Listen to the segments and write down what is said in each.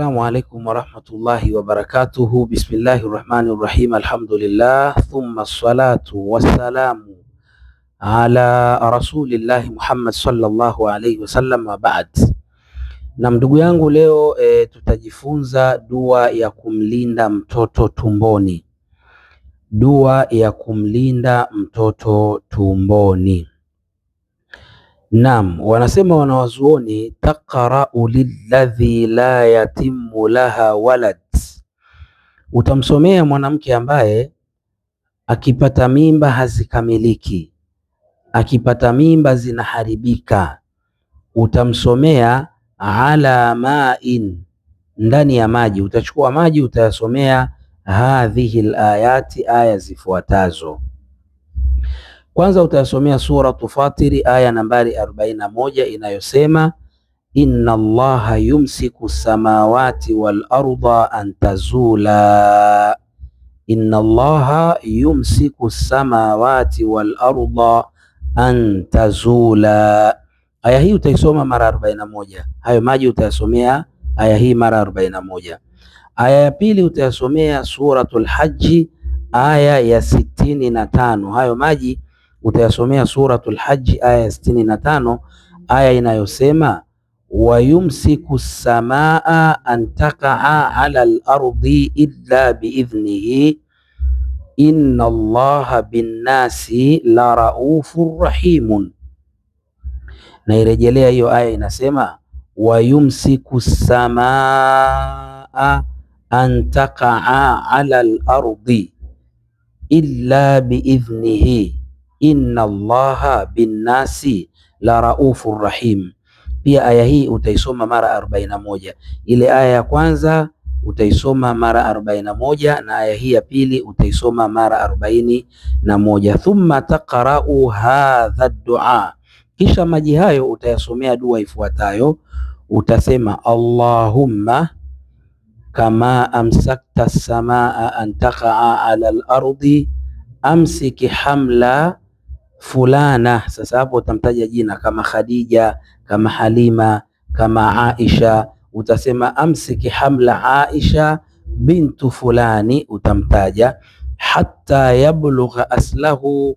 Assalamu alaikum warahmatullahi wabarakatuhu. Bismillahi rahmani rahim. Alhamdulillah thumma salatu wassalamu ala rasulillahi Muhammad sallallahu alaihi wasallam, wa baad. Na ndugu yangu, leo e, tutajifunza dua ya kumlinda mtoto tumboni, dua ya kumlinda mtoto tumboni. Naam, wanasema wanawazuoni taqrau lilladhi la yatimu laha walad, utamsomea mwanamke ambaye akipata mimba hazikamiliki, akipata mimba zinaharibika. Utamsomea ala ma'in, ndani ya maji. Utachukua maji utayasomea hadhihi alayati, aya zifuatazo kwanza utasomea suratu Fatiri aya nambari 41 inayosema inna allaha yumsiku samawati wal arda an tazula, inna allaha yumsiku samawati wal arda an tazula. Aya hii utaisoma mara 41. Hayo maji utayasomea aya hii mara 41. Aya ya pili utayasomea suratul Haji aya ya sitini na tano. Hayo maji utayasomea Suratul Haji aya ya sitini na tano aya inayosema wayumsiku samaa an takaa ala al-ardi illa biidhnihi inna allaha binnasi la raufur rahimun. Na hiyo aya inasema wayumsiku samaa an takaa ala al-ardi illa biidhnihi inna llaha binnasi la raufur rahim. Pia aya hii utaisoma mara arobaini na moja. Ile aya ya kwanza utaisoma mara arobaini na moja na aya hii ya pili utaisoma mara arobaini na moja. Thumma taqra'u hadha dua, kisha maji hayo utayasomea dua ifuatayo. Utasema Allahumma kama amsakta samaa an taqa'a ala al-ardi amsiki hamla fulana. Sasa hapo utamtaja jina kama Khadija, kama Halima, kama Aisha, utasema amsiki hamla Aisha bintu fulani, utamtaja hatta yablugha aslahu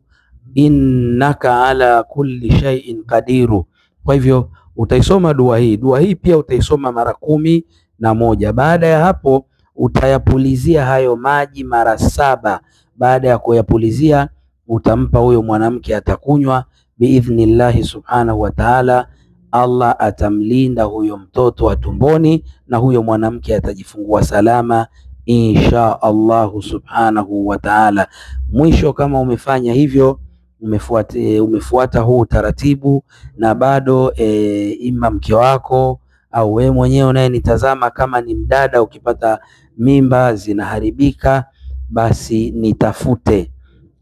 innaka ala kulli shay'in qadiru. Kwa hivyo utaisoma dua hii. Dua hii pia utaisoma mara kumi na moja. Baada ya hapo utayapulizia hayo maji mara saba. Baada ya kuyapulizia utampa huyo mwanamke, atakunywa biidhnillahi subhanahu wa ta'ala. Allah atamlinda huyo mtoto wa tumboni na huyo mwanamke atajifungua salama insha Allahu subhanahu wa ta'ala. Mwisho, kama umefanya hivyo umefuata, umefuata huu utaratibu na bado e, ima mke wako au wewe mwenyewe unayenitazama, kama ni mdada, ukipata mimba zinaharibika, basi nitafute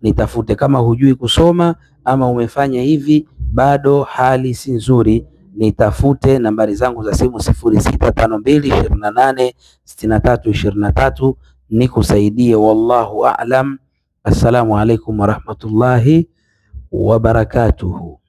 nitafute. Kama hujui kusoma ama umefanya hivi bado hali si nzuri, nitafute. Nambari zangu za simu sifuri sita tano mbili ishirini na nane sitini na tatu ishirini na tatu nikusaidie. Wallahu aalam. Assalamu alaikum warahmatullahi wabarakatuhu.